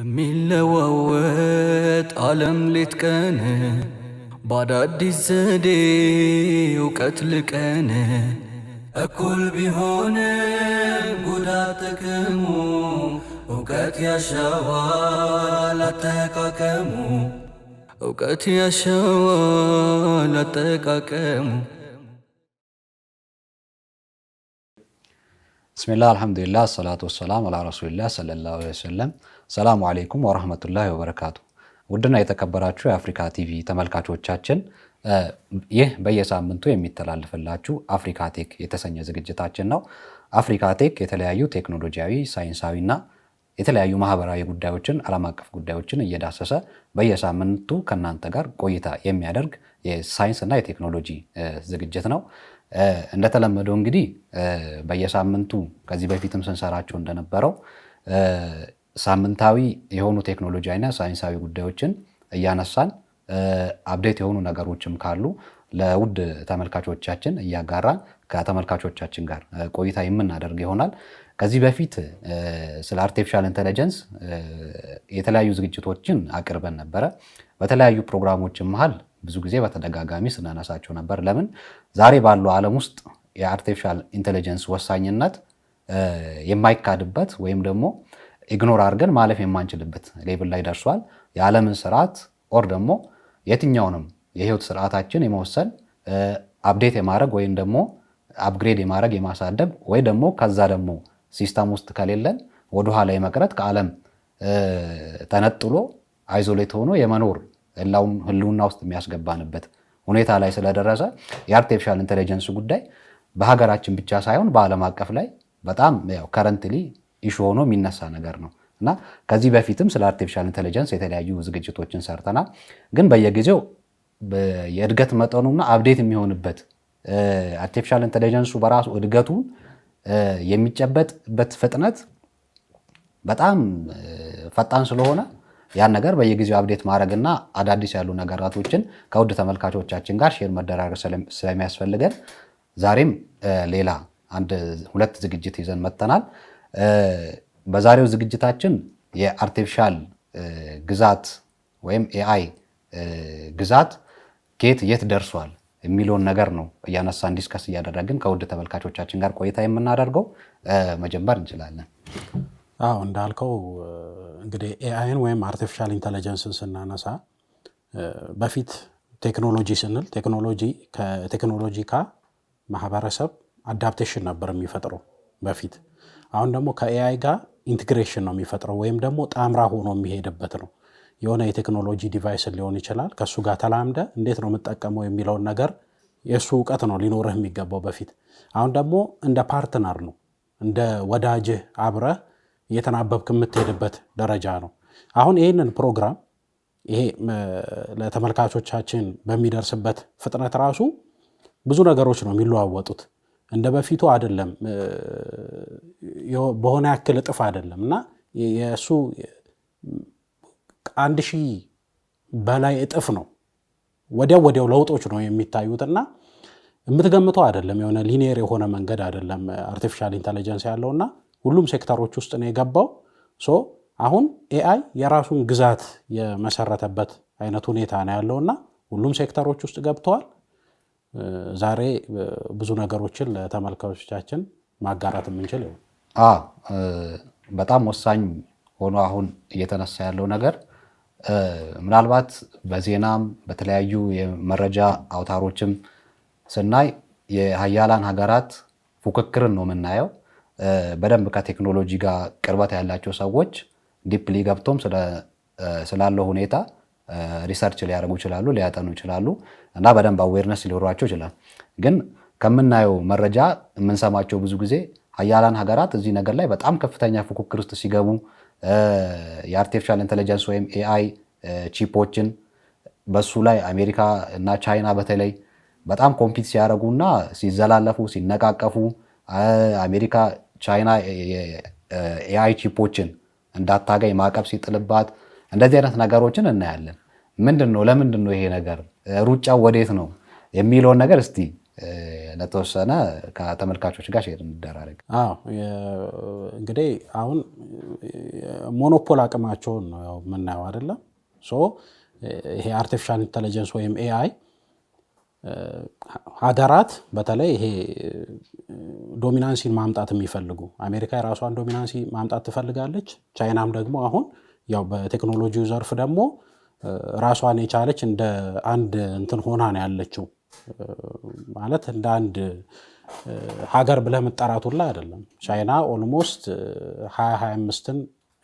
በሚለዋወጥ ዓለም ሌት ቀን በአዳዲስ ዘዴ እውቀት ልቀን እኩል ቢሆንም ጉዳት ጥቅሙ እውቀት ያሻዋል አጠቃቀሙ እውቀት ያሻዋል አጠቃቀሙ ብስሚላህ አልሐምዱሊላህ ሰላቱ ወሰላም አላ ረሱሊላህ ሰለላሁ ዐለይሂ ወሰለም ሰላሙ አሌይኩም ወረህመቱላሂ ወበረካቱ። ውድና የተከበራችሁ የአፍሪካ ቲቪ ተመልካቾቻችን ይህ በየሳምንቱ የሚተላለፍላችሁ አፍሪካ ቴክ የተሰኘ ዝግጅታችን ነው። አፍሪካ ቴክ የተለያዩ ቴክኖሎጂያዊ፣ ሳይንሳዊና የተለያዩ ማህበራዊ ጉዳዮችን ዓለም አቀፍ ጉዳዮችን እየዳሰሰ በየሳምንቱ ከእናንተ ጋር ቆይታ የሚያደርግ የሳይንስ እና የቴክኖሎጂ ዝግጅት ነው። እንደተለመደው እንግዲህ በየሳምንቱ ከዚህ በፊትም ስንሰራቸው እንደነበረው ሳምንታዊ የሆኑ ቴክኖሎጂና ሳይንሳዊ ጉዳዮችን እያነሳን አብዴት የሆኑ ነገሮችም ካሉ ለውድ ተመልካቾቻችን እያጋራን ከተመልካቾቻችን ጋር ቆይታ የምናደርግ ይሆናል። ከዚህ በፊት ስለ አርቲፊሻል ኢንቴለጀንስ የተለያዩ ዝግጅቶችን አቅርበን ነበረ። በተለያዩ ፕሮግራሞችን መሀል ብዙ ጊዜ በተደጋጋሚ ስናነሳቸው ነበር። ለምን ዛሬ ባለው ዓለም ውስጥ የአርቲፊሻል ኢንቴለጀንስ ወሳኝነት የማይካድበት ወይም ደግሞ ኢግኖር አድርገን ማለፍ የማንችልበት ሌብል ላይ ደርሷል። የዓለምን ስርዓት ኦር ደግሞ የትኛውንም የህይወት ስርዓታችን የመወሰን አፕዴት የማድረግ ወይም ደግሞ አፕግሬድ የማድረግ የማሳደግ ወይ ደግሞ ከዛ ደግሞ ሲስተም ውስጥ ከሌለን ወደኋላ የመቅረት ከዓለም ተነጥሎ አይዞሌት ሆኖ የመኖር ህልውና ውስጥ የሚያስገባንበት ሁኔታ ላይ ስለደረሰ የአርቲፊሻል ኢንቴሊጀንስ ጉዳይ በሀገራችን ብቻ ሳይሆን በዓለም አቀፍ ላይ በጣም ያው ከረንትሊ ኢሹ ሆኖ የሚነሳ ነገር ነው እና ከዚህ በፊትም ስለ አርቲፊሻል ኢንቴሊጀንስ የተለያዩ ዝግጅቶችን ሰርተናል። ግን በየጊዜው የእድገት መጠኑና አብዴት የሚሆንበት አርቲፊሻል ኢንቴሊጀንሱ በራሱ እድገቱን የሚጨበጥበት ፍጥነት በጣም ፈጣን ስለሆነ ያን ነገር በየጊዜው አብዴት ማድረግና አዳዲስ ያሉ ነገራቶችን ከውድ ተመልካቾቻችን ጋር ሼር መደራረግ ስለሚያስፈልገን ዛሬም ሌላ አንድ ሁለት ዝግጅት ይዘን መጥተናል። በዛሬው ዝግጅታችን የአርቲፊሻል ግዛት ወይም ኤአይ ግዛት ጌት የት ደርሷል የሚለውን ነገር ነው እያነሳን ዲስከስ እያደረግን ከውድ ተመልካቾቻችን ጋር ቆይታ የምናደርገው። መጀመር እንችላለን። አዎ እንዳልከው እንግዲህ ኤአይን ወይም አርቲፊሻል ኢንተለጀንስን ስናነሳ በፊት ቴክኖሎጂ ስንል ቴክኖሎጂ ከቴክኖሎጂ ካ ማህበረሰብ አዳፕቴሽን ነበር የሚፈጥረው በፊት አሁን ደግሞ ከኤአይ ጋር ኢንቴግሬሽን ነው የሚፈጥረው ወይም ደግሞ ጣምራ ሆኖ የሚሄድበት ነው። የሆነ የቴክኖሎጂ ዲቫይስን ሊሆን ይችላል። ከእሱ ጋር ተላምደ እንዴት ነው የምጠቀመው የሚለውን ነገር የእሱ እውቀት ነው ሊኖርህ የሚገባው በፊት። አሁን ደግሞ እንደ ፓርትነር ነው እንደ ወዳጅህ አብረህ እየተናበብክ የምትሄድበት ደረጃ ነው። አሁን ይህንን ፕሮግራም ይሄ ለተመልካቾቻችን በሚደርስበት ፍጥነት ራሱ ብዙ ነገሮች ነው የሚለዋወጡት። እንደ በፊቱ አይደለም፣ በሆነ ያክል እጥፍ አይደለም እና የእሱ አንድ ሺህ በላይ እጥፍ ነው። ወዲያው ወዲያው ለውጦች ነው የሚታዩት እና የምትገምተው አይደለም። የሆነ ሊኒየር የሆነ መንገድ አይደለም አርቲፊሻል ኢንቴሊጀንስ እና ሁሉም ሴክተሮች ውስጥ ነው የገባው። ሶ አሁን ኤአይ የራሱን ግዛት የመሰረተበት አይነት ሁኔታ ነው ያለው እና ሁሉም ሴክተሮች ውስጥ ገብተዋል። ዛሬ ብዙ ነገሮችን ለተመልካቾቻችን ማጋራት የምንችል ይሆን? በጣም ወሳኝ ሆኖ አሁን እየተነሳ ያለው ነገር ምናልባት በዜናም በተለያዩ የመረጃ አውታሮችም ስናይ የሀያላን ሀገራት ፉክክርን ነው የምናየው። በደንብ ከቴክኖሎጂ ጋር ቅርበት ያላቸው ሰዎች ዲፕሊ ገብቶም ስላለው ሁኔታ ሪሰርች ሊያደርጉ ይችላሉ፣ ሊያጠኑ ይችላሉ እና በደንብ አዌርነስ ሊኖሯቸው ይችላል። ግን ከምናየው መረጃ የምንሰማቸው ብዙ ጊዜ ሀያላን ሀገራት እዚህ ነገር ላይ በጣም ከፍተኛ ፉክክር ውስጥ ሲገቡ የአርቲፊሻል ኢንቴሊጀንስ ወይም ኤአይ ቺፖችን በሱ ላይ አሜሪካ እና ቻይና በተለይ በጣም ኮምፒት ሲያደርጉ እና ሲዘላለፉ፣ ሲነቃቀፉ አሜሪካ ቻይና ኤአይ ቺፖችን እንዳታገኝ ማዕቀብ ሲጥልባት እንደዚህ አይነት ነገሮችን እናያለን። ምንድን ነው ለምንድን ነው ይሄ ነገር ሩጫው ወዴት ነው የሚለውን ነገር እስቲ ለተወሰነ ከተመልካቾች ጋር ሼር እንደራረግ። እንግዲህ አሁን ሞኖፖል አቅማቸውን ነው ያው የምናየው አይደለም። ይሄ አርቲፊሻል ኢንቴሊጀንስ ወይም ኤአይ ሀገራት በተለይ ይሄ ዶሚናንሲን ማምጣት የሚፈልጉ አሜሪካ የራሷን ዶሚናንሲ ማምጣት ትፈልጋለች። ቻይናም ደግሞ አሁን ያው በቴክኖሎጂው ዘርፍ ደግሞ ራሷን የቻለች እንደ አንድ እንትን ሆና ነው ያለችው። ማለት እንደ አንድ ሀገር ብለህ መጠራት ሁላ አይደለም። ቻይና ኦልሞስት ሀያ ሀያ አምስትን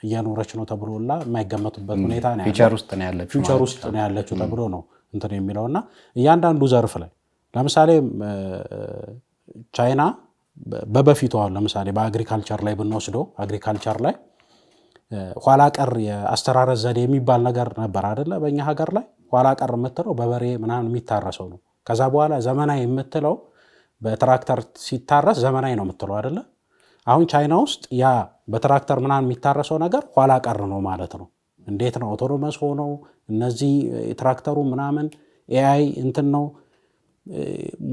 እየኖረች ነው ተብሎላ የማይገመቱበት ሁኔታ ነው ፊውቸር ውስጥ ነው ያለችው ተብሎ ነው እንትን የሚለው እና እያንዳንዱ ዘርፍ ላይ ለምሳሌ ቻይና በበፊቱ አሁን ለምሳሌ በአግሪካልቸር ላይ ብንወስደው አግሪካልቸር ላይ ኋላ ቀር የአስተራረስ ዘዴ የሚባል ነገር ነበር አደለ? በእኛ ሀገር ላይ ኋላ ቀር የምትለው በበሬ ምናምን የሚታረሰው ነው። ከዛ በኋላ ዘመናዊ የምትለው በትራክተር ሲታረስ ዘመናዊ ነው የምትለው አደለ? አሁን ቻይና ውስጥ ያ በትራክተር ምናምን የሚታረሰው ነገር ኋላ ቀር ነው ማለት ነው። እንዴት ነው አውቶኖመስ ሆነው እነዚህ ትራክተሩ ምናምን ኤአይ እንትን ነው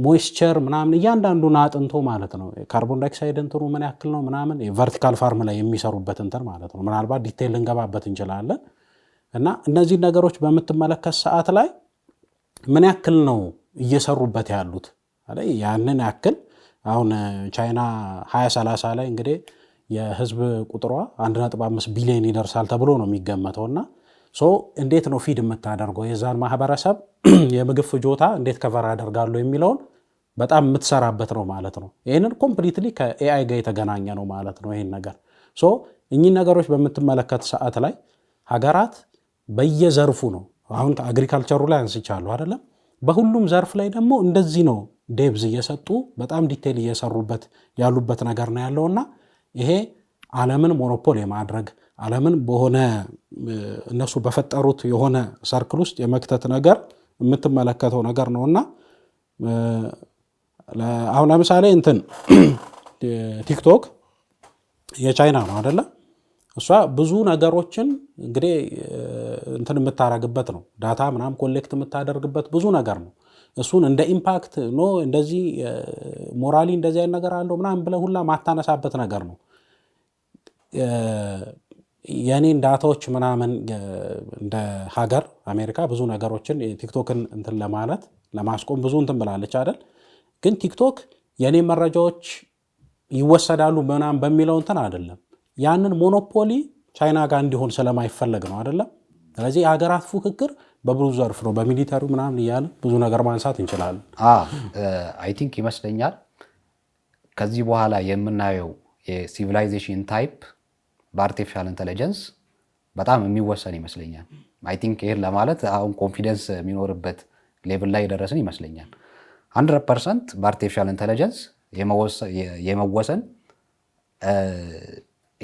ሞይስቸር ምናምን እያንዳንዱን አጥንቶ ማለት ነው። ካርቦን ዳይኦክሳይድ እንትኑ ምን ያክል ነው ምናምን ቨርቲካል ፋርም ላይ የሚሰሩበት እንትን ማለት ነው። ምናልባት ዲቴይል ልንገባበት እንችላለን። እና እነዚህ ነገሮች በምትመለከት ሰዓት ላይ ምን ያክል ነው እየሰሩበት ያሉት ያንን ያክል አሁን ቻይና 2030 ላይ እንግዲህ የህዝብ ቁጥሯ 1.5 ቢሊዮን ይደርሳል ተብሎ ነው የሚገመተው እና እንዴት ነው ፊድ የምታደርገው የዛን ማህበረሰብ የምግብ ፍጆታ እንዴት ከቨር አደርጋለሁ የሚለውን በጣም የምትሰራበት ነው ማለት ነው። ይህንን ኮምፕሊትሊ ከኤአይ ጋር የተገናኘ ነው ማለት ነው። ይህን ነገር እኚህ ነገሮች በምትመለከት ሰዓት ላይ ሀገራት በየዘርፉ ነው አሁን አግሪካልቸሩ ላይ አንስቻለሁ አይደለም። በሁሉም ዘርፍ ላይ ደግሞ እንደዚህ ነው ዴብዝ እየሰጡ በጣም ዲቴል እየሰሩበት ያሉበት ነገር ነው ያለውና ይሄ ዓለምን ሞኖፖል የማድረግ ዓለምን በሆነ እነሱ በፈጠሩት የሆነ ሰርክል ውስጥ የመክተት ነገር የምትመለከተው ነገር ነው እና አሁን ለምሳሌ እንትን ቲክቶክ የቻይና ነው አደለ? እሷ ብዙ ነገሮችን እንግዲህ እንትን የምታረግበት ነው ዳታ ምናምን ኮሌክት የምታደርግበት ብዙ ነገር ነው። እሱን እንደ ኢምፓክት ኖ እንደዚህ ሞራሊ እንደዚህ አይነት ነገር አለው ምናምን ብለህ ሁላ ማታነሳበት ነገር ነው። የእኔን ዳታዎች ምናምን እንደ ሀገር አሜሪካ ብዙ ነገሮችን ቲክቶክን እንትን ለማለት ለማስቆም ብዙ እንትን ብላለች አይደል? ግን ቲክቶክ የእኔ መረጃዎች ይወሰዳሉ ምናምን በሚለው እንትን አይደለም። ያንን ሞኖፖሊ ቻይና ጋር እንዲሆን ስለማይፈለግ ነው አይደለም? ስለዚህ የሀገራት ፉክክር በብዙ ዘርፍ ነው፣ በሚሊተሪ ምናምን እያለ ብዙ ነገር ማንሳት እንችላለን። አይ ቲንክ ይመስለኛል ከዚህ በኋላ የምናየው የሲቪላይዜሽን ታይፕ በአርቲፊሻል ኢንቴሊጀንስ በጣም የሚወሰን ይመስለኛል። አይ ቲንክ ይህን ለማለት አሁን ኮንፊደንስ የሚኖርበት ሌቭል ላይ የደረስን ይመስለኛል። ሀንድረድ ፐርሰንት በአርቲፊሻል ኢንቴሊጀንስ የመወሰን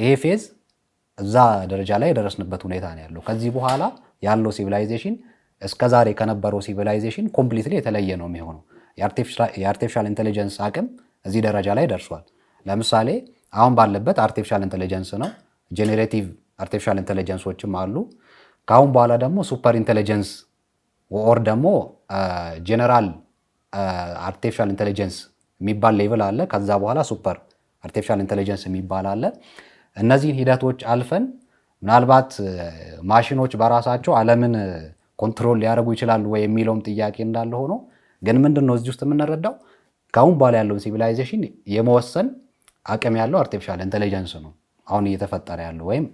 ይሄ ፌዝ እዛ ደረጃ ላይ የደረስንበት ሁኔታ ነው ያለው። ከዚህ በኋላ ያለው ሲቪላይዜሽን እስከዛሬ ከነበረው ሲቪላይዜሽን ኮምፕሊትሊ የተለየ ነው የሚሆነው። የአርቲፊሻል ኢንቴሊጀንስ አቅም እዚህ ደረጃ ላይ ደርሷል። ለምሳሌ አሁን ባለበት አርቲፊሻል ኢንቴሊጀንስ ነው ጄኔሬቲቭ አርቲፊሻል ኢንቴሊጀንሶችም አሉ። ከአሁን በኋላ ደግሞ ሱፐር ኢንቴሊጀንስ ኦር ደግሞ ጄኔራል አርቲፊሻል ኢንቴሊጀንስ የሚባል ሌቭል አለ። ከዛ በኋላ ሱፐር አርቲፊሻል ኢንቴሊጀንስ የሚባል አለ። እነዚህን ሂደቶች አልፈን ምናልባት ማሽኖች በራሳቸው ዓለምን ኮንትሮል ሊያደርጉ ይችላሉ ወይ የሚለውም ጥያቄ እንዳለ ሆኖ ግን ምንድን ነው እዚህ ውስጥ የምንረዳው ከአሁን በኋላ ያለውን ሲቪላይዜሽን የመወሰን አቅም ያለው አርቲፊሻል ኢንቴሊጀንስ ነው። አሁን እየተፈጠረ ያለ ወይም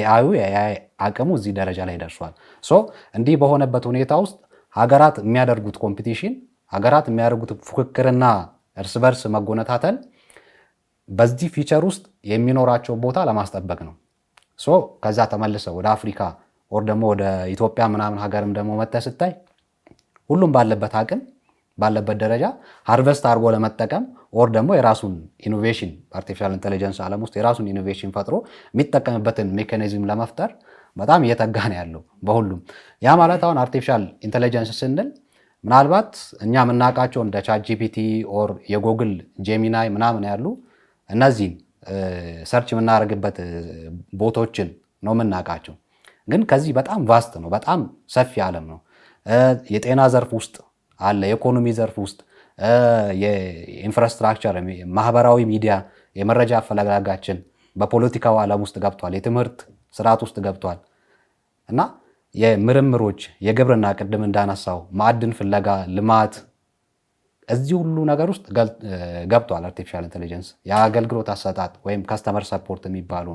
ኤአዩ የኤአይ አቅሙ እዚህ ደረጃ ላይ ደርሷል። ሶ እንዲህ በሆነበት ሁኔታ ውስጥ ሀገራት የሚያደርጉት ኮምፒቲሽን፣ ሀገራት የሚያደርጉት ፉክክርና እርስ በርስ መጎነታተል በዚህ ፊቸር ውስጥ የሚኖራቸው ቦታ ለማስጠበቅ ነው። ሶ ከዛ ተመልሰው ወደ አፍሪካ ኦር ደግሞ ወደ ኢትዮጵያ ምናምን ሀገርም ደግሞ መጥተህ ስታይ ሁሉም ባለበት አቅም ባለበት ደረጃ ሃርቨስት አድርጎ ለመጠቀም ኦር ደግሞ የራሱን ኢኖቬሽን በአርቲፊሻል ኢንቴሊጀንስ ዓለም ውስጥ የራሱን ኢኖቬሽን ፈጥሮ የሚጠቀምበትን ሜካኒዝም ለመፍጠር በጣም እየተጋ ነው ያለው በሁሉም። ያ ማለት አሁን አርቲፊሻል ኢንቴሊጀንስ ስንል ምናልባት እኛ የምናውቃቸው እንደ ቻት ጂፒቲ ኦር የጎግል ጄሚናይ ምናምን ያሉ እነዚህን ሰርች የምናደርግበት ቦቶችን ነው የምናውቃቸው። ግን ከዚህ በጣም ቫስት ነው፣ በጣም ሰፊ ዓለም ነው። የጤና ዘርፍ ውስጥ አለ። የኢኮኖሚ ዘርፍ ውስጥ የኢንፍራስትራክቸር፣ ማህበራዊ ሚዲያ፣ የመረጃ አፈላላጋችን በፖለቲካው ዓለም ውስጥ ገብቷል። የትምህርት ስርዓት ውስጥ ገብቷል እና የምርምሮች፣ የግብርና ቅድም እንዳነሳው ማዕድን ፍለጋ፣ ልማት እዚህ ሁሉ ነገር ውስጥ ገብቷል። አርቲፊሻል ኢንቴሊጀንስ የአገልግሎት አሰጣጥ ወይም ከስተመር ሰፖርት የሚባሉ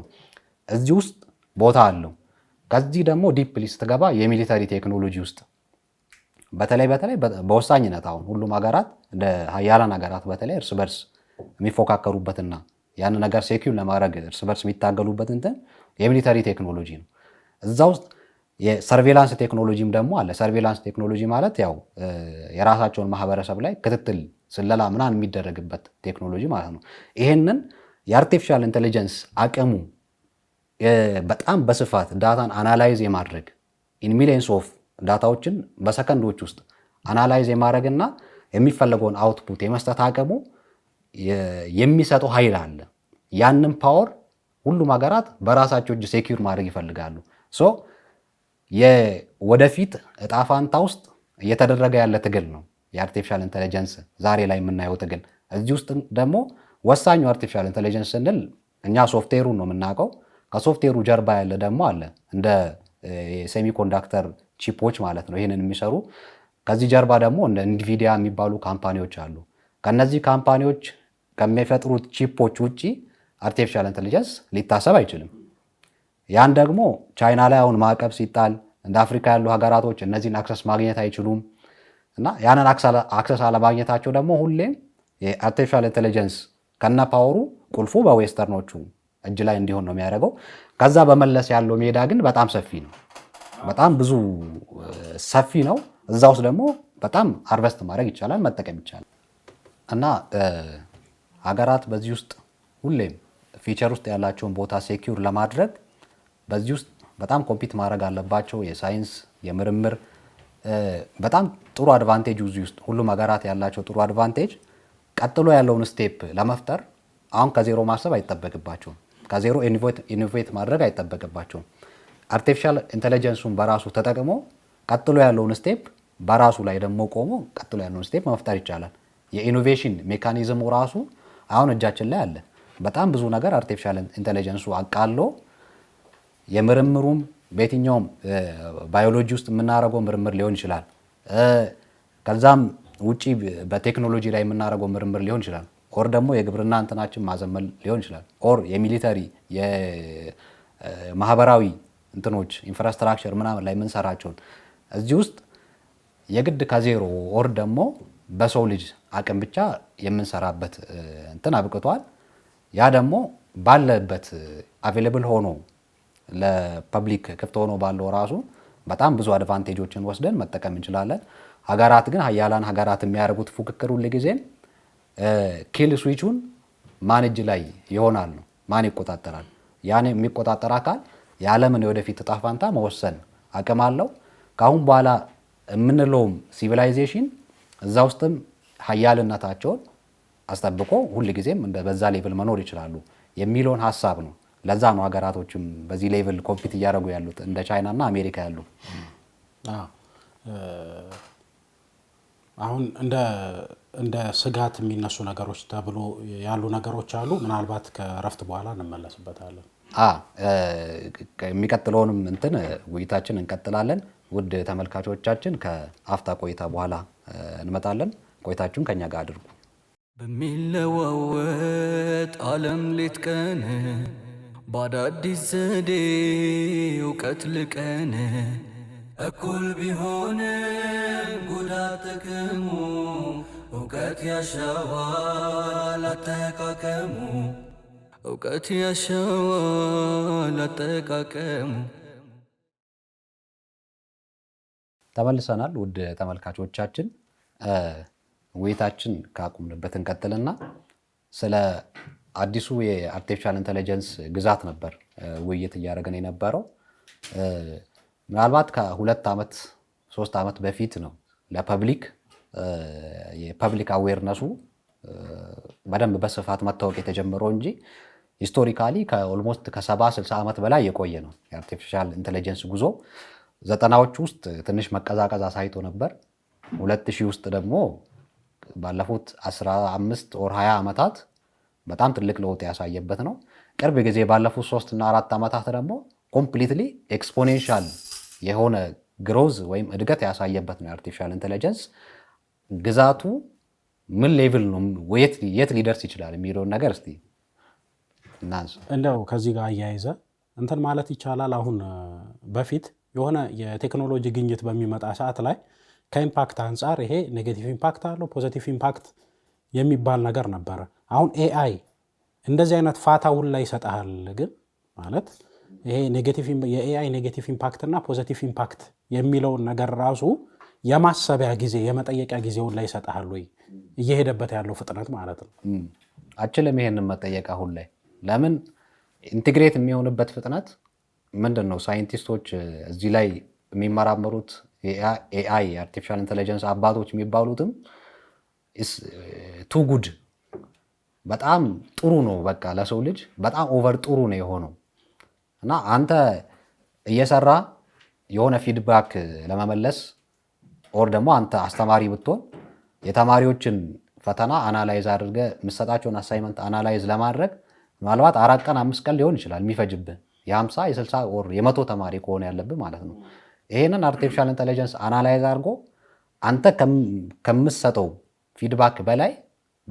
እዚህ ውስጥ ቦታ አለው። ከዚህ ደግሞ ዲፕሊ ስትገባ የሚሊተሪ ቴክኖሎጂ ውስጥ በተለይ በተለይ በወሳኝነት አሁን ሁሉም ሀገራት እንደ ሀያላን ሀገራት በተለይ እርስ በርስ የሚፎካከሩበትና ያን ነገር ሴኪር ለማድረግ እርስ በርስ የሚታገሉበት እንትን የሚሊተሪ ቴክኖሎጂ ነው። እዛ ውስጥ የሰርቬላንስ ቴክኖሎጂም ደግሞ አለ። ሰርቬላንስ ቴክኖሎጂ ማለት ያው የራሳቸውን ማህበረሰብ ላይ ክትትል፣ ስለላ ምናምን የሚደረግበት ቴክኖሎጂ ማለት ነው። ይሄንን የአርቲፊሻል ኢንቴሊጀንስ አቅሙ በጣም በስፋት ዳታን አናላይዝ የማድረግ ኢን ሚሊየንስ ኦፍ ዳታዎችን በሰከንዶች ውስጥ አናላይዝ የማድረግና የሚፈለገውን አውትፑት የመስጠት አቅሙ የሚሰጠው ኃይል አለ። ያንን ፓወር ሁሉም ሀገራት በራሳቸው እጅ ሴኪር ማድረግ ይፈልጋሉ። ሶ የወደፊት እጣ ፋንታ ውስጥ እየተደረገ ያለ ትግል ነው የአርቲፊሻል ኢንቴሊጀንስ ዛሬ ላይ የምናየው ትግል። እዚህ ውስጥ ደግሞ ወሳኙ አርቲፊሻል ኢንቴሊጀንስ ስንል እኛ ሶፍትዌሩን ነው የምናውቀው። ከሶፍትዌሩ ጀርባ ያለ ደግሞ አለ እንደ ሴሚኮንዳክተር ቺፖች ማለት ነው። ይህንን የሚሰሩ ከዚህ ጀርባ ደግሞ እንደ ኢንቪዲያ የሚባሉ ካምፓኒዎች አሉ። ከእነዚህ ካምፓኒዎች ከሚፈጥሩት ቺፖች ውጭ አርቲፊሻል ኢንቴሊጀንስ ሊታሰብ አይችልም። ያን ደግሞ ቻይና ላይ አሁን ማዕቀብ ሲጣል እንደ አፍሪካ ያሉ ሀገራቶች እነዚህን አክሰስ ማግኘት አይችሉም እና ያንን አክሰስ አለማግኘታቸው ደግሞ ሁሌም የአርቲፊሻል ኢንቴሊጀንስ ከነ ፓወሩ ቁልፉ በዌስተርኖቹ እጅ ላይ እንዲሆን ነው የሚያደርገው። ከዛ በመለስ ያለው ሜዳ ግን በጣም ሰፊ ነው። በጣም ብዙ ሰፊ ነው። እዛ ውስጥ ደግሞ በጣም አርቨስት ማድረግ ይቻላል፣ መጠቀም ይቻላል እና ሀገራት በዚህ ውስጥ ሁሌም ፊቸር ውስጥ ያላቸውን ቦታ ሴኪር ለማድረግ በዚህ ውስጥ በጣም ኮምፒት ማድረግ አለባቸው። የሳይንስ የምርምር በጣም ጥሩ አድቫንቴጅ እዚህ ውስጥ ሁሉም ሀገራት ያላቸው ጥሩ አድቫንቴጅ ቀጥሎ ያለውን ስቴፕ ለመፍጠር አሁን ከዜሮ ማሰብ አይጠበቅባቸውም። ከዜሮ ኢኖቬት ማድረግ አይጠበቅባቸውም። አርቲፊሻል ኢንቴሊጀንሱን በራሱ ተጠቅሞ ቀጥሎ ያለውን ስቴፕ በራሱ ላይ ደግሞ ቆሞ ቀጥሎ ያለውን ስቴፕ መፍጠር ይቻላል። የኢኖቬሽን ሜካኒዝሙ ራሱ አሁን እጃችን ላይ አለ። በጣም ብዙ ነገር አርቲፊሻል ኢንቴሊጀንሱ አቃሎ የምርምሩም በየትኛውም ባዮሎጂ ውስጥ የምናደርገው ምርምር ሊሆን ይችላል። ከዛም ውጪ በቴክኖሎጂ ላይ የምናደርገው ምርምር ሊሆን ይችላል። ኦር ደግሞ የግብርና እንትናችን ማዘመን ሊሆን ይችላል። ኦር የሚሊተሪ የማህበራዊ እንትኖች ኢንፍራስትራክቸር ምናምን ላይ የምንሰራቸውን እዚህ ውስጥ የግድ ከዜሮ ወር ደግሞ በሰው ልጅ አቅም ብቻ የምንሰራበት እንትን አብቅቷል። ያ ደግሞ ባለበት አቬለብል ሆኖ ለፐብሊክ ክፍት ሆኖ ባለው ራሱ በጣም ብዙ አድቫንቴጆችን ወስደን መጠቀም እንችላለን። ሀገራት ግን ሀያላን ሀገራት የሚያደርጉት ፉክክር ሁል ጊዜም ኪል ስዊቹን ማን እጅ ላይ ይሆናል ነው፣ ማን ይቆጣጠራል? ያን የሚቆጣጠር አካል የዓለምን የወደፊት እጣ ፋንታ መወሰን አቅም አለው። ከአሁን በኋላ የምንለውም ሲቪላይዜሽን እዛ ውስጥም ሀያልነታቸውን አስጠብቆ ሁልጊዜም በዛ ሌቭል መኖር ይችላሉ የሚለውን ሀሳብ ነው። ለዛ ነው ሀገራቶችም በዚህ ሌቭል ኮምፒት እያደረጉ ያሉት እንደ ቻይናና እና አሜሪካ ያሉ። አሁን እንደ ስጋት የሚነሱ ነገሮች ተብሎ ያሉ ነገሮች አሉ። ምናልባት ከእረፍት በኋላ እንመለስበታለን። የሚቀጥለውንም እንትን ውይይታችን እንቀጥላለን። ውድ ተመልካቾቻችን ከአፍታ ቆይታ በኋላ እንመጣለን። ቆይታችሁን ከኛ ጋር አድርጉ። በሚለዋወጥ ዓለም ሌት ቀን በአዳዲስ ዘዴ እውቀት ልቀን እኩል ቢሆንም ጉዳት ጥቅሙ እውቀት ያሸዋል አጠቃቀሙ እውቀት አጠቃቀሙ። ተመልሰናል። ውድ ተመልካቾቻችን ውይይታችን ካቁምንበት እንቀጥልና ስለ አዲሱ የአርቲፊሻል ኢንቴሊጀንስ ግዛት ነበር ውይይት እያደረግን የነበረው። ምናልባት ከሁለት ዓመት ሶስት ዓመት በፊት ነው ለፐብሊክ የፐብሊክ አዌርነሱ በደንብ በስፋት መታወቅ የተጀመረው እንጂ ሂስቶሪካሊ ከኦልሞስት ከሰባ 60 ዓመት በላይ የቆየ ነው የአርቲፊሻል ኢንቴሊጀንስ ጉዞ። ዘጠናዎች ውስጥ ትንሽ መቀዛቀዝ አሳይቶ ነበር። ሁለት ውስጥ ደግሞ ባለፉት 15 ወር 20 ዓመታት በጣም ትልቅ ለውጥ ያሳየበት ነው። ቅርብ ጊዜ ባለፉት ሶስት እና አራት ዓመታት ደግሞ ኮምፕሊትሊ ኤክስፖኔንሻል የሆነ ግሮዝ ወይም እድገት ያሳየበት ነው የአርቲፊሻል ኢንቴሊጀንስ ግዛቱ ምን ሌቭል ነው፣ የት ሊደርስ ይችላል የሚለውን ነገር እስኪ እንደው ከዚህ ጋር አያይዘ እንትን ማለት ይቻላል። አሁን በፊት የሆነ የቴክኖሎጂ ግኝት በሚመጣ ሰዓት ላይ ከኢምፓክት አንጻር ይሄ ኔጌቲቭ ኢምፓክት አለው ፖዘቲቭ ኢምፓክት የሚባል ነገር ነበረ። አሁን ኤአይ እንደዚህ አይነት ፋታ ሁላ ይሰጠሃል። ግን ማለት ይሄ የኤአይ ኔጌቲቭ ኢምፓክት እና ፖዘቲቭ ኢምፓክት የሚለውን ነገር ራሱ የማሰቢያ ጊዜ የመጠየቂያ ጊዜውን ላይ ይሰጠሃል ወይ? እየሄደበት ያለው ፍጥነት ማለት ነው። አችልም ይሄንን መጠየቅ አሁን ላይ ለምን ኢንቴግሬት የሚሆንበት ፍጥነት ምንድን ነው? ሳይንቲስቶች እዚህ ላይ የሚመራመሩት ኤአይ አርቲፊሻል ኢንቴሊጀንስ አባቶች የሚባሉትም ቱ ጉድ uh, በጣም ጥሩ ነው፣ በቃ ለሰው ልጅ በጣም ኦቨር ጥሩ ነው የሆነው እና አንተ እየሰራ የሆነ ፊድባክ ለመመለስ ኦር ደግሞ አንተ አስተማሪ ብትሆን የተማሪዎችን ፈተና አናላይዝ አድርገ የምትሰጣቸውን አሳይመንት አናላይዝ ለማድረግ ምናልባት አራት ቀን አምስት ቀን ሊሆን ይችላል የሚፈጅብህ የሀምሳ የስልሳ ወር የመቶ ተማሪ ከሆነ ያለብህ ማለት ነው። ይሄንን አርቲፊሻል ኢንቴሊጀንስ አናላይዝ አድርጎ አንተ ከምትሰጠው ፊድባክ በላይ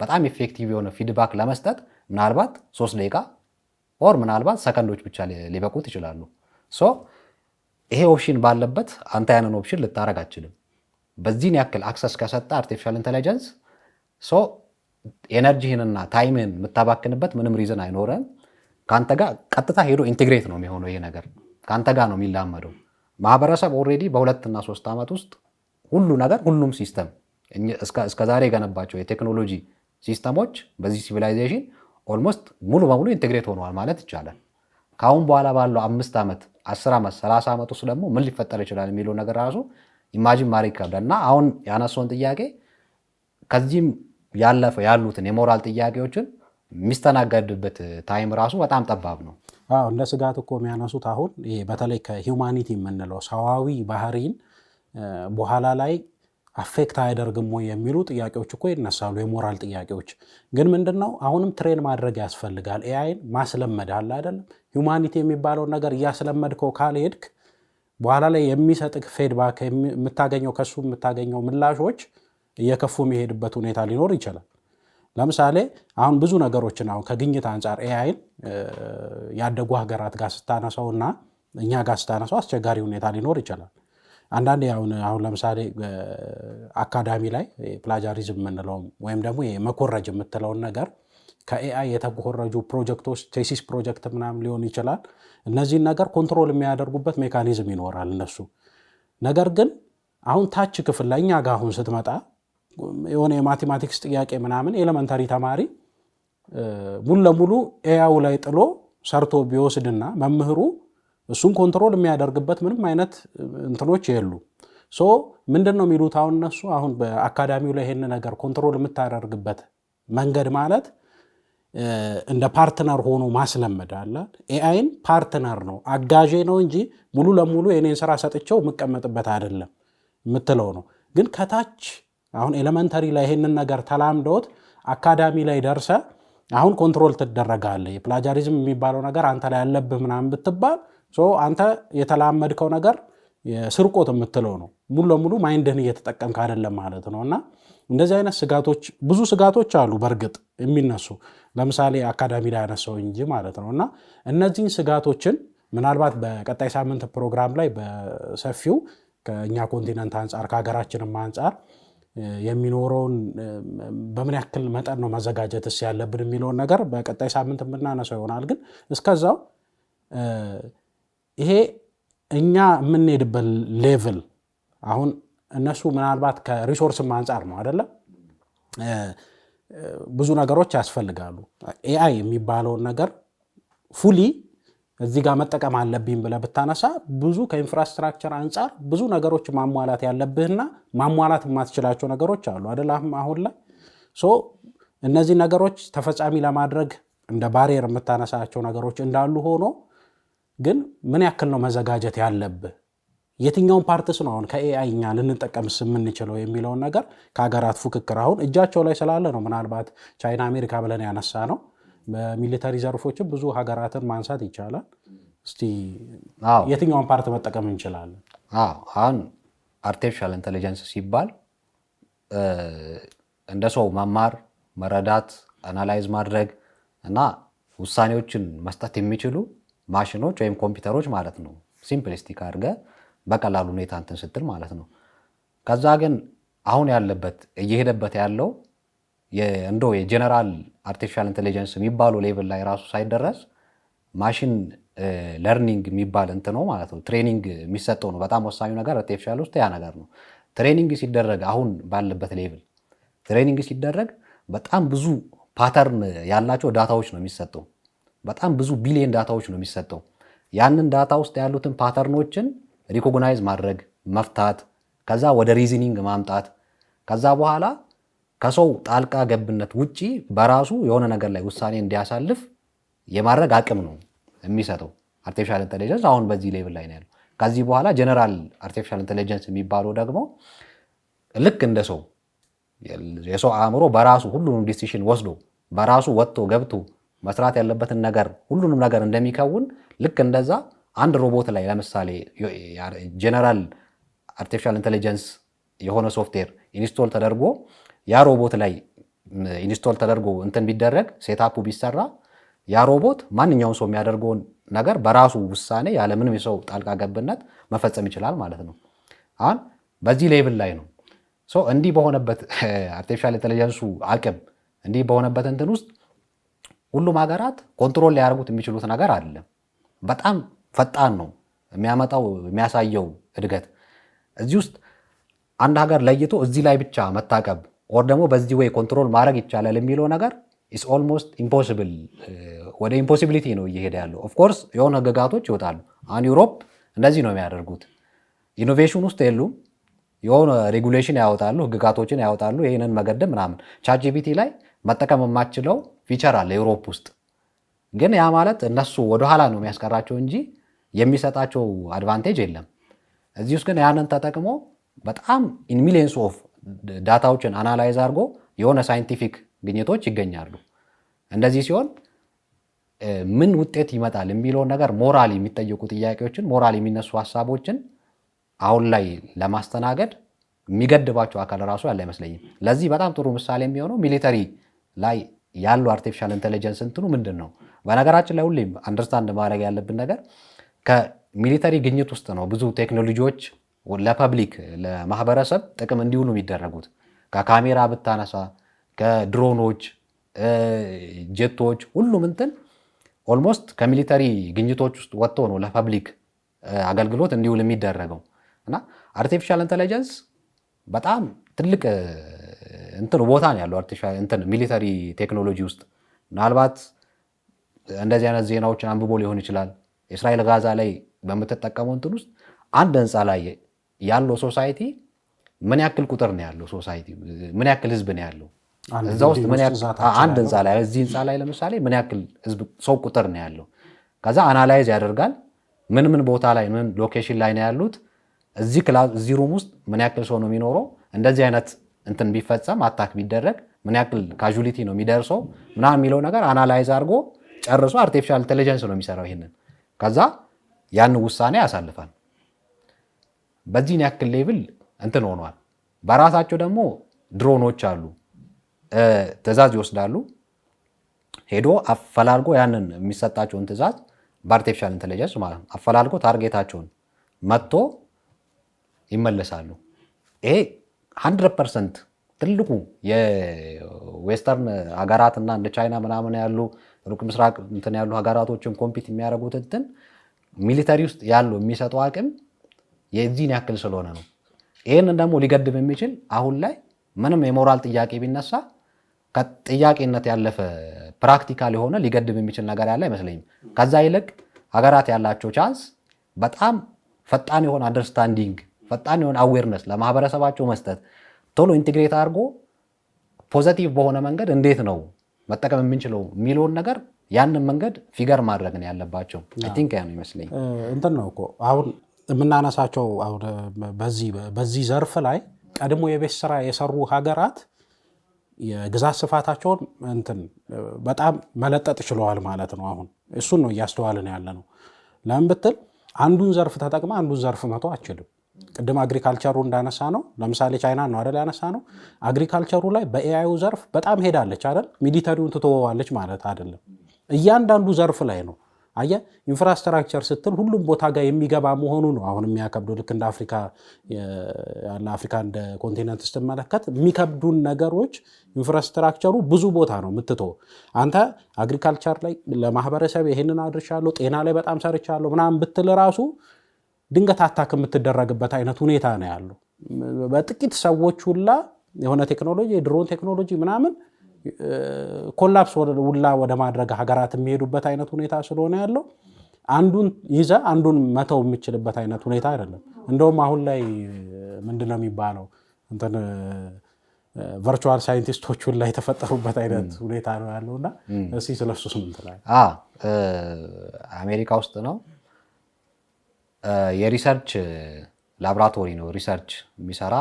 በጣም ኢፌክቲቭ የሆነ ፊድባክ ለመስጠት ምናልባት ሶስት ደቂቃ ኦር ምናልባት ሰከንዶች ብቻ ሊበቁት ይችላሉ። ሶ ይሄ ኦፕሽን ባለበት አንተ ያንን ኦፕሽን ልታረግ አችልም። በዚህን ያክል አክሰስ ከሰጠ አርቲፊሻል ኢንቴሊጀንስ ኤነርጂህንና ታይምህን የምታባክንበት ምንም ሪዝን አይኖረም። ከአንተ ጋር ቀጥታ ሄዶ ኢንቴግሬት ነው የሚሆነው። ይሄ ነገር ከአንተ ጋር ነው የሚላመደው። ማህበረሰብ ኦልሬዲ በሁለትና ሶስት ዓመት ውስጥ ሁሉ ነገር ሁሉም ሲስተም እስከዛሬ የገነባቸው የቴክኖሎጂ ሲስተሞች በዚህ ሲቪላይዜሽን ኦልሞስት ሙሉ በሙሉ ኢንቴግሬት ሆነዋል ማለት ይቻላል። ከአሁን በኋላ ባለው አምስት ዓመት አስር ዓመት ሰላሳ ዓመት ውስጥ ደግሞ ምን ሊፈጠር ይችላል የሚለው ነገር ራሱ ኢማጂን ማድረግ ይከብዳል እና አሁን ያነሳውን ጥያቄ ከዚህም ያለፈ ያሉትን የሞራል ጥያቄዎችን የሚስተናገድበት ታይም ራሱ በጣም ጠባብ ነው። አዎ እንደ ስጋት እኮ የሚያነሱት አሁን በተለይ ከሂውማኒቲ የምንለው ሰዋዊ ባህሪን በኋላ ላይ አፌክት አያደርግም ወይ የሚሉ ጥያቄዎች እኮ ይነሳሉ። የሞራል ጥያቄዎች ግን ምንድን ነው አሁንም ትሬን ማድረግ ያስፈልጋል። ኤአይን ማስለመድ አለ አይደለም። ሂውማኒቲ የሚባለውን ነገር እያስለመድከው ካልሄድክ በኋላ ላይ የሚሰጥክ ፌድባክ የምታገኘው ከሱ የምታገኘው ምላሾች እየከፉ የሚሄድበት ሁኔታ ሊኖር ይችላል። ለምሳሌ አሁን ብዙ ነገሮችን አሁን ከግኝት አንጻር ኤአይን ያደጉ ሀገራት ጋር ስታነሳው እና እኛ ጋር ስታነሳው አስቸጋሪ ሁኔታ ሊኖር ይችላል። አንዳንዴ አሁን ለምሳሌ አካዳሚ ላይ ፕላጃሪዝም የምንለው ወይም ደግሞ መኮረጅ የምትለውን ነገር ከኤአይ የተኮረጁ ፕሮጀክቶች ቴሲስ ፕሮጀክት ምናምን ሊሆን ይችላል። እነዚህን ነገር ኮንትሮል የሚያደርጉበት ሜካኒዝም ይኖራል እነሱ። ነገር ግን አሁን ታች ክፍል ላይ እኛ ጋር አሁን ስትመጣ የሆነ የማቴማቲክስ ጥያቄ ምናምን ኤሌመንታሪ ተማሪ ሙሉ ለሙሉ ኤያው ላይ ጥሎ ሰርቶ ቢወስድና መምህሩ እሱን ኮንትሮል የሚያደርግበት ምንም አይነት እንትኖች የሉ። ሶ ምንድን ነው የሚሉት አሁን እነሱ አሁን በአካዳሚው ላይ ይሄን ነገር ኮንትሮል የምታደርግበት መንገድ ማለት እንደ ፓርትነር ሆኖ ማስለመድ አለ። ኤአይን ፓርትነር ነው አጋዤ ነው እንጂ ሙሉ ለሙሉ የኔን ስራ ሰጥቼው የምቀመጥበት አይደለም የምትለው ነው። ግን ከታች አሁን ኤሌመንተሪ ላይ ይህንን ነገር ተላምዶት አካዳሚ ላይ ደርሰ አሁን ኮንትሮል ትደረጋለ የፕላጃሪዝም የሚባለው ነገር አንተ ላይ ያለብህ ምናምን ብትባል አንተ የተላመድከው ነገር ስርቆት የምትለው ነው። ሙሉ ለሙሉ ማይንድህን እየተጠቀምክ አይደለም ማለት ነው። እና እንደዚህ አይነት ስጋቶች ብዙ ስጋቶች አሉ በእርግጥ የሚነሱ ለምሳሌ አካዳሚ ላይ ያነሳው እንጂ ማለት ነው። እና እነዚህን ስጋቶችን ምናልባት በቀጣይ ሳምንት ፕሮግራም ላይ በሰፊው ከእኛ ኮንቲነንት አንጻር ከሀገራችንም አንጻር የሚኖረውን በምን ያክል መጠን ነው መዘጋጀትስ ያለብን የሚለውን ነገር በቀጣይ ሳምንት የምናነሳው ይሆናል። ግን እስከዛው ይሄ እኛ የምንሄድበት ሌቭል አሁን እነሱ ምናልባት ከሪሶርስም አንጻር ነው አደለም። ብዙ ነገሮች ያስፈልጋሉ። ኤአይ የሚባለውን ነገር ፉሊ እዚህ ጋር መጠቀም አለብኝ ብለህ ብታነሳ ብዙ ከኢንፍራስትራክቸር አንጻር ብዙ ነገሮች ማሟላት ያለብህና ማሟላት የማትችላቸው ነገሮች አሉ አደላም አሁን ላይ ሶ እነዚህ ነገሮች ተፈጻሚ ለማድረግ እንደ ባሪየር የምታነሳቸው ነገሮች እንዳሉ ሆኖ ግን ምን ያክል ነው መዘጋጀት ያለብህ የትኛውን ፓርትስ ነው አሁን ከኤአይ እኛ ልንጠቀምስ የምንችለው የሚለውን ነገር ከሀገራት ፉክክር አሁን እጃቸው ላይ ስላለ ነው ምናልባት ቻይና አሜሪካ ብለን ያነሳ ነው በሚሊታሪ ዘርፎችም ብዙ ሀገራትን ማንሳት ይቻላል። እስቲ የትኛውን ፓርት መጠቀም እንችላለን? አሁን አርቲፊሻል ኢንቴሊጀንስ ሲባል እንደ ሰው መማር፣ መረዳት፣ አናላይዝ ማድረግ እና ውሳኔዎችን መስጠት የሚችሉ ማሽኖች ወይም ኮምፒውተሮች ማለት ነው። ሲምፕሊስቲክ አድርገ በቀላሉ ሁኔታ እንትን ስትል ማለት ነው። ከዛ ግን አሁን ያለበት እየሄደበት ያለው እንደ የጀነራል አርቲፊሻል ኢንቴሊጀንስ የሚባለው ሌቭል ላይ ራሱ ሳይደረስ ማሽን ለርኒንግ uh, የሚባል እንትን ነው ማለት ነው። ትሬኒንግ የሚሰጠው ነው። በጣም ወሳኙ ነገር አርቲፊሻል ውስጥ ያ ነገር ነው። ትሬኒንግ ሲደረግ አሁን ባለበት ሌቭል ትሬኒንግ ሲደረግ በጣም ብዙ ፓተርን ያላቸው ዳታዎች ነው የሚሰጠው። በጣም ብዙ ቢሊየን ዳታዎች ነው የሚሰጠው። ያንን ዳታ ውስጥ ያሉትን ፓተርኖችን ሪኮግናይዝ ማድረግ፣ መፍታት፣ ከዛ ወደ ሪዝኒንግ ማምጣት ከዛ በኋላ ከሰው ጣልቃ ገብነት ውጪ በራሱ የሆነ ነገር ላይ ውሳኔ እንዲያሳልፍ የማድረግ አቅም ነው የሚሰጠው አርቲፊሻል ኢንቴሊጀንስ። አሁን በዚህ ሌቭል ላይ ነው ያለው። ከዚህ በኋላ ጀነራል አርቲፊሻል ኢንቴሊጀንስ የሚባለው ደግሞ ልክ እንደ ሰው የሰው አእምሮ በራሱ ሁሉንም ዲሲሽን ወስዶ በራሱ ወጥቶ ገብቶ መስራት ያለበትን ነገር ሁሉንም ነገር እንደሚከውን ልክ እንደዛ አንድ ሮቦት ላይ ለምሳሌ ጀነራል አርቲፊሻል ኢንቴሊጀንስ የሆነ ሶፍትዌር ኢንስቶል ተደርጎ ያ ሮቦት ላይ ኢንስቶል ተደርጎ እንትን ቢደረግ ሴታፑ ቢሰራ ያ ሮቦት ማንኛውም ሰው የሚያደርገውን ነገር በራሱ ውሳኔ ያለምንም የሰው ጣልቃ ገብነት መፈጸም ይችላል ማለት ነው። አሁን በዚህ ሌብል ላይ ነው። እንዲህ በሆነበት አርቲፊሻል ኢንቴሊጀንሱ አቅም እንዲህ በሆነበት እንትን ውስጥ ሁሉም ሀገራት ኮንትሮል ሊያደርጉት የሚችሉት ነገር አለ። በጣም ፈጣን ነው የሚያመጣው የሚያሳየው እድገት። እዚህ ውስጥ አንድ ሀገር ለይቶ እዚህ ላይ ብቻ መታቀብ ኦር ደግሞ በዚህ ወይ ኮንትሮል ማድረግ ይቻላል የሚለው ነገር ኢስ ኦልሞስት ኢምፖሲብል ወደ ኢምፖሲቢሊቲ ነው እየሄደ ያለው። ኦፍኮርስ የሆነ ህግጋቶች ይወጣሉ። አን ዩሮፕ እንደዚህ ነው የሚያደርጉት። ኢኖቬሽን ውስጥ የሉም። የሆነ ሬጉሌሽን ያወጣሉ፣ ህግጋቶችን ያወጣሉ። ይህንን መገደብ ምናምን ቻጂቢቲ ላይ መጠቀም የማችለው ፊቸር አለ ዩሮፕ ውስጥ። ግን ያ ማለት እነሱ ወደኋላ ነው የሚያስቀራቸው እንጂ የሚሰጣቸው አድቫንቴጅ የለም። እዚህ ውስጥ ግን ያንን ተጠቅሞ በጣም ኢን ሚሊየንስ ኦፍ ዳታዎችን አናላይዝ አድርጎ የሆነ ሳይንቲፊክ ግኝቶች ይገኛሉ። እንደዚህ ሲሆን ምን ውጤት ይመጣል የሚለውን ነገር ሞራል የሚጠየቁ ጥያቄዎችን፣ ሞራል የሚነሱ ሀሳቦችን አሁን ላይ ለማስተናገድ የሚገድባቸው አካል ራሱ ያለ አይመስለኝም። ለዚህ በጣም ጥሩ ምሳሌ የሚሆነው ሚሊተሪ ላይ ያሉ አርቲፊሻል ኢንቴሊጀንስ እንትኑ ምንድን ነው? በነገራችን ላይ ሁሌም አንደርስታንድ ማድረግ ያለብን ነገር ከሚሊተሪ ግኝት ውስጥ ነው ብዙ ቴክኖሎጂዎች ለፐብሊክ ለማህበረሰብ ጥቅም እንዲውሉ የሚደረጉት ከካሜራ ብታነሳ ከድሮኖች ጀቶች ሁሉም እንትን ኦልሞስት ከሚሊተሪ ግኝቶች ውስጥ ወጥቶ ነው ለፐብሊክ አገልግሎት እንዲውል የሚደረገው እና አርቲፊሻል ኢንቴሊጀንስ በጣም ትልቅ እንትን ቦታ ነው ያለው እንትን ሚሊተሪ ቴክኖሎጂ ውስጥ ምናልባት እንደዚህ አይነት ዜናዎችን አንብቦ ሊሆን ይችላል። እስራኤል ጋዛ ላይ በምትጠቀመው እንትን ውስጥ አንድ ህንፃ ላይ ያለው ሶሳይቲ ምን ያክል ቁጥር ነው ያለው ሶሳይቲ ምን ያክል ህዝብ ነው ያለው እዛ ውስጥ አንድ ህንፃ ላይ እዚህ ህንፃ ላይ ለምሳሌ ምን ያክል ሰው ቁጥር ነው ያለው ከዛ አናላይዝ ያደርጋል ምን ምን ቦታ ላይ ምን ሎኬሽን ላይ ነው ያሉት እዚህ ሩም ውስጥ ምን ያክል ሰው ነው የሚኖረው እንደዚህ አይነት እንትን ቢፈጸም አታክ ቢደረግ ምን ያክል ካዡሊቲ ነው የሚደርሰው ምናምን የሚለው ነገር አናላይዝ አድርጎ ጨርሶ አርቲፊሻል ኢንቴሊጀንስ ነው የሚሰራው ይሄንን ከዛ ያን ውሳኔ ያሳልፋል በዚህን ያክል ሌብል እንትን ሆኗል። በራሳቸው ደግሞ ድሮኖች አሉ፣ ትእዛዝ ይወስዳሉ። ሄዶ አፈላልጎ ያንን የሚሰጣቸውን ትዕዛዝ በአርቲፊሻል ኢንቴሊጀንስ ማለት ነው አፈላልጎ ታርጌታቸውን መጥቶ ይመለሳሉ። ይሄ ሀንድረድ ፐርሰንት ትልቁ የዌስተርን ሀገራት እና እንደ ቻይና ምናምን ያሉ ሩቅ ምስራቅ እንትን ያሉ ሀገራቶችን ኮምፒት የሚያደርጉት እንትን ሚሊተሪ ውስጥ ያሉ የሚሰጠው አቅም የዚህን ያክል ስለሆነ ነው። ይህንን ደግሞ ሊገድብ የሚችል አሁን ላይ ምንም የሞራል ጥያቄ ቢነሳ ከጥያቄነት ያለፈ ፕራክቲካል የሆነ ሊገድብ የሚችል ነገር ያለ አይመስለኝም። ከዛ ይልቅ ሀገራት ያላቸው ቻንስ በጣም ፈጣን የሆነ አንደርስታንዲንግ፣ ፈጣን የሆነ አዌርነስ ለማህበረሰባቸው መስጠት ቶሎ ኢንቴግሬት አድርጎ ፖዘቲቭ በሆነ መንገድ እንዴት ነው መጠቀም የምንችለው የሚለውን ነገር ያንን መንገድ ፊገር ማድረግ ነው ያለባቸው። ቲንክ ያ ነው ይመስለኝ እንትን ነው እኮ አሁን የምናነሳቸው በዚህ ዘርፍ ላይ ቀድሞ የቤት ስራ የሰሩ ሀገራት የግዛት ስፋታቸውን እንትን በጣም መለጠጥ ችለዋል ማለት ነው። አሁን እሱን ነው እያስተዋልን ያለ ነው። ለምን ብትል አንዱን ዘርፍ ተጠቅመ አንዱን ዘርፍ መቶ አችልም። ቅድም አግሪካልቸሩ እንዳነሳ ነው ለምሳሌ ቻይና ነው አደል ያነሳ ነው። አግሪካልቸሩ ላይ በኤአዩ ዘርፍ በጣም ሄዳለች አይደል። ሚሊተሪውን ትተወዋለች ማለት አይደለም። እያንዳንዱ ዘርፍ ላይ ነው አየ ኢንፍራስትራክቸር ስትል ሁሉም ቦታ ጋር የሚገባ መሆኑ ነው። አሁን የሚያከብዱ ልክ እንደ አፍሪካ ያለ አፍሪካ እንደ ኮንቲነንት ስትመለከት የሚከብዱን ነገሮች ኢንፍራስትራክቸሩ ብዙ ቦታ ነው ምትቶ አንተ አግሪካልቸር ላይ ለማህበረሰብ ይህንን አድርሻለሁ፣ ጤና ላይ በጣም ሰርቻለሁ ምናምን ብትል ራሱ ድንገት አታክ የምትደረግበት አይነት ሁኔታ ነው ያለው። በጥቂት ሰዎች ሁላ የሆነ ቴክኖሎጂ የድሮን ቴክኖሎጂ ምናምን ኮላፕስ ውላ ወደ ማድረግ ሀገራት የሚሄዱበት አይነት ሁኔታ ስለሆነ ያለው አንዱን ይዘ አንዱን መተው የምችልበት አይነት ሁኔታ አይደለም። እንደውም አሁን ላይ ምንድን ነው የሚባለው እንትን ቨርቹዋል ሳይንቲስቶች ሁላ የተፈጠሩበት አይነት ሁኔታ ነው ያለው እና እስኪ ስለሱ ስምንት ላይ አሜሪካ ውስጥ ነው የሪሰርች ላብራቶሪ ነው ሪሰርች የሚሰራ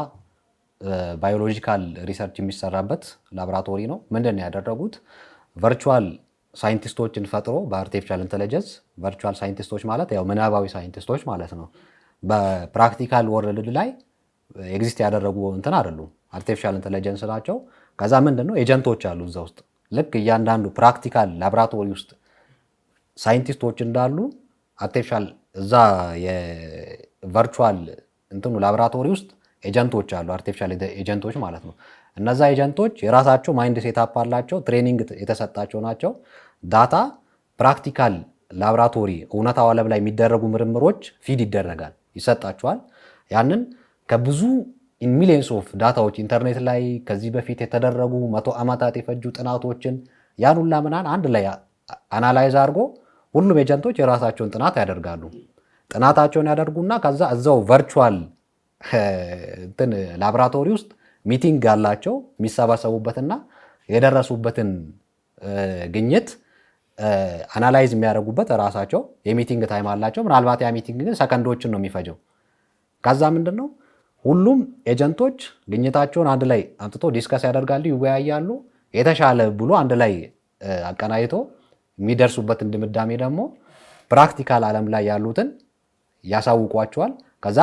ባዮሎጂካል ሪሰርች የሚሰራበት ላብራቶሪ ነው። ምንድን ነው ያደረጉት? ቨርቹዋል ሳይንቲስቶችን ፈጥሮ በአርቲፊሻል ኢንተለጀንስ ቨርቹዋል ሳይንቲስቶች ማለት ያው ምናባዊ ሳይንቲስቶች ማለት ነው። በፕራክቲካል ወርልድ ላይ ኤግዚስት ያደረጉ እንትን አይደሉም፣ አርቲፊሻል ኢንተለጀንስ ናቸው። ከዛ ምንድን ነው ኤጀንቶች አሉ እዛ ውስጥ ልክ እያንዳንዱ ፕራክቲካል ላብራቶሪ ውስጥ ሳይንቲስቶች እንዳሉ አርቲፊሻል እዛ የቨርቹዋል እንትኑ ላብራቶሪ ውስጥ ኤጀንቶች አሉ፣ አርቲፊሻል ኤጀንቶች ማለት ነው። እነዛ ኤጀንቶች የራሳቸው ማይንድ ሴታፕ አላቸው፣ ትሬኒንግ የተሰጣቸው ናቸው። ዳታ ፕራክቲካል ላብራቶሪ እውነታው ዓለም ላይ የሚደረጉ ምርምሮች ፊድ ይደረጋል ይሰጣቸዋል። ያንን ከብዙ ሚሊየንስ ኦፍ ዳታዎች ኢንተርኔት ላይ ከዚህ በፊት የተደረጉ መቶ ዓመታት የፈጁ ጥናቶችን ያን ሁላ ምናን አንድ ላይ አናላይዝ አድርጎ ሁሉም ኤጀንቶች የራሳቸውን ጥናት ያደርጋሉ። ጥናታቸውን ያደርጉና ከዛ እዛው ቨርቹዋል እንትን ላብራቶሪ ውስጥ ሚቲንግ አላቸው የሚሰባሰቡበትና የደረሱበትን ግኝት አናላይዝ የሚያደርጉበት ራሳቸው የሚቲንግ ታይም አላቸው። ምናልባት ያ ሚቲንግ ግን ሰከንዶችን ነው የሚፈጀው። ከዛ ምንድን ነው ሁሉም ኤጀንቶች ግኝታቸውን አንድ ላይ አምጥቶ ዲስከስ ያደርጋሉ፣ ይወያያሉ። የተሻለ ብሎ አንድ ላይ አቀናይቶ የሚደርሱበትን ድምዳሜ ደግሞ ፕራክቲካል ዓለም ላይ ያሉትን ያሳውቋቸዋል ከዛ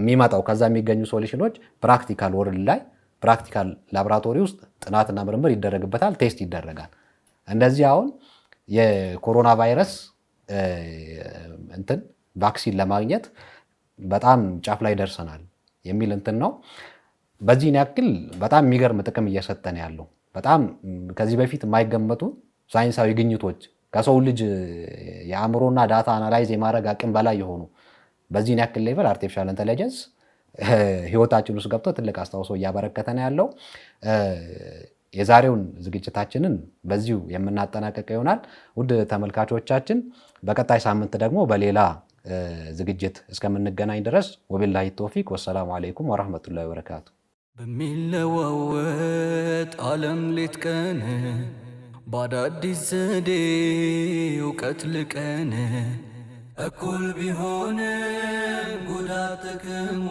የሚመጣው ከዛ የሚገኙ ሶሉሽኖች ፕራክቲካል ወርል ላይ ፕራክቲካል ላቦራቶሪ ውስጥ ጥናትና ምርምር ይደረግበታል፣ ቴስት ይደረጋል። እንደዚህ አሁን የኮሮና ቫይረስ እንትን ቫክሲን ለማግኘት በጣም ጫፍ ላይ ደርሰናል የሚል እንትን ነው። በዚህን ያክል በጣም የሚገርም ጥቅም እየሰጠን ያለው በጣም ከዚህ በፊት የማይገመቱ ሳይንሳዊ ግኝቶች ከሰው ልጅ የአእምሮና ዳታ አናላይዝ የማድረግ አቅም በላይ የሆኑ በዚህን ያክል ሌቨል አርቲፊሻል ኢንቴሊጀንስ ህይወታችን ውስጥ ገብቶ ትልቅ አስተዋጽኦ እያበረከተ ነው ያለው። የዛሬውን ዝግጅታችንን በዚሁ የምናጠናቀቅ ይሆናል። ውድ ተመልካቾቻችን፣ በቀጣይ ሳምንት ደግሞ በሌላ ዝግጅት እስከምንገናኝ ድረስ ወቢላሂ ተውፊቅ ወሰላሙ አለይኩም ወረህመቱላሂ ወበረካቱ። በሚለዋወጥ ዓለም ሌት ቀን በአዳዲስ ዘዴ እውቀት ልቀን እኩል ቢሆንም ጉዳት ጥቅሙ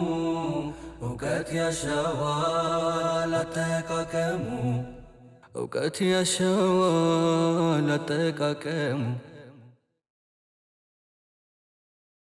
እውቀት ያሻዋል አጠቃቀሙ እውቀት ያሻዋል አጠቃቀሙ